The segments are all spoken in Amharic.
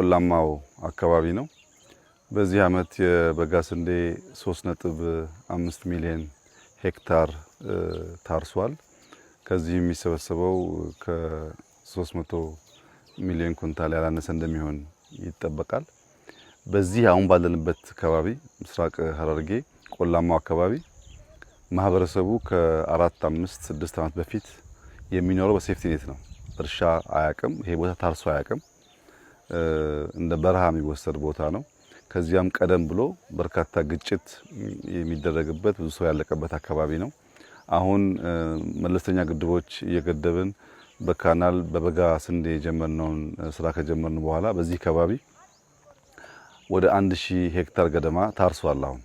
ቆላማው አካባቢ ነው። በዚህ ዓመት የበጋ ስንዴ 3.5 ሚሊዮን ሄክታር ታርሷል። ከዚህ የሚሰበሰበው ከ300 ሚሊዮን ኩንታል ያላነሰ እንደሚሆን ይጠበቃል። በዚህ አሁን ባለንበት አካባቢ ምስራቅ ሐረርጌ ቆላማው አካባቢ ማህበረሰቡ ከአራት አምስት ስድስት ዓመት በፊት የሚኖረው በሴፍቲ ኔት ነው። እርሻ አያቅም። ይሄ ቦታ ታርሶ አያቅም። እንደ በረሃ የሚወሰድ ቦታ ነው። ከዚያም ቀደም ብሎ በርካታ ግጭት የሚደረግበት ብዙ ሰው ያለቀበት አካባቢ ነው። አሁን መለስተኛ ግድቦች እየገደብን በካናል በበጋ ስንዴ የጀመርነውን ስራ ከጀመርን በኋላ በዚህ አካባቢ ወደ አንድ ሺህ ሄክታር ገደማ ታርሷል። አሁን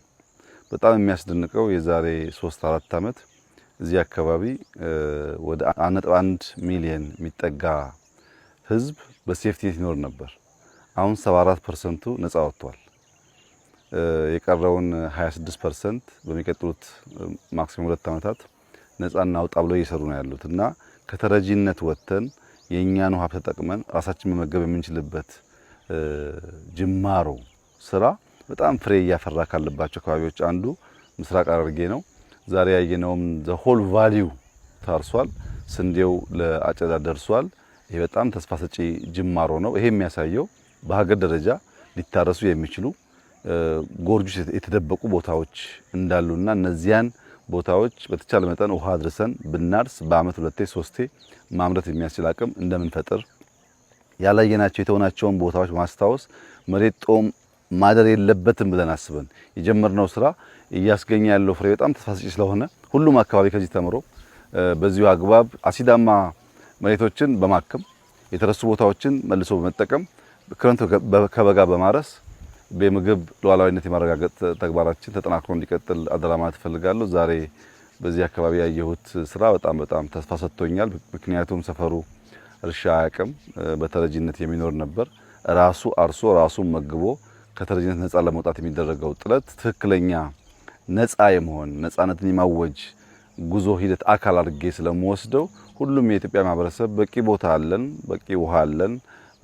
በጣም የሚያስደንቀው የዛሬ ሶስት አራት ዓመት እዚህ አካባቢ ወደ አንድ ሚሊየን የሚጠጋ ህዝብ በሴፍቲኔት ይኖር ነበር። አሁን 74 ፐርሰንቱ ነጻ ወጥቷል። የቀረውን 26 ፐርሰንት በሚቀጥሉት ማክሲመም ሁለት ዓመታት ነጻ እናውጣ ብለው እየሰሩ ነው ያሉት እና ከተረጂነት ወጥተን የእኛን ሀብት ተጠቅመን ራሳችን መመገብ የምንችልበት ጅማሮ ስራ በጣም ፍሬ እያፈራ ካለባቸው አካባቢዎች አንዱ ምስራቅ ሐረርጌ ነው። ዛሬ ያየነውም ዘሆል ቫሊዩ ታርሷል። ስንዴው ለአጨዳ ደርሷል። ይሄ በጣም ተስፋ ሰጪ ጅማሮ ነው። ይሄ የሚያሳየው በሀገር ደረጃ ሊታረሱ የሚችሉ ጎርጅ የተደበቁ ቦታዎች እንዳሉና እነዚያን ቦታዎች በተቻለ መጠን ውሃ አድርሰን ብናርስ በአመት ሁለቴ ሶስቴ ማምረት የሚያስችል አቅም እንደምንፈጥር ያላየናቸው የተሆናቸውን ቦታዎች ማስታወስ መሬት ጦም ማደር የለበትም ብለን አስበን የጀመርነው ስራ እያስገኘ ያለው ፍሬ በጣም ተስፋ ሰጪ ስለሆነ ሁሉም አካባቢ ከዚህ ተምሮ በዚሁ አግባብ አሲዳማ መሬቶችን በማከም የተረሱ ቦታዎችን መልሶ በመጠቀም ክረምት ከበጋ በማረስ የምግብ ሉዓላዊነት የማረጋገጥ ተግባራችን ተጠናክሮ እንዲቀጥል አደራ ማለት እፈልጋለሁ። ዛሬ በዚህ አካባቢ ያየሁት ስራ በጣም በጣም ተስፋ ሰጥቶኛል። ምክንያቱም ሰፈሩ እርሻ አያቅም፣ በተረጂነት የሚኖር ነበር። ራሱ አርሶ ራሱን መግቦ ከተረጂነት ነጻ ለመውጣት የሚደረገው ጥረት ትክክለኛ ነፃ የመሆን ነጻነትን የማወጅ ጉዞ ሂደት አካል አድርጌ ስለምወስደው ሁሉም የኢትዮጵያ ማህበረሰብ በቂ ቦታ አለን፣ በቂ ውሃ አለን።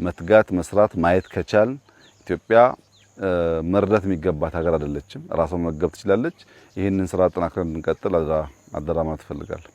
መትጋት፣ መስራት፣ ማየት ከቻል ኢትዮጵያ መርዳት የሚገባት ሀገር አይደለችም። ራሷን መገብ ትችላለች። ይህንን ስራ አጠናክረን እንድንቀጥል አደራ ማለት እፈልጋለሁ።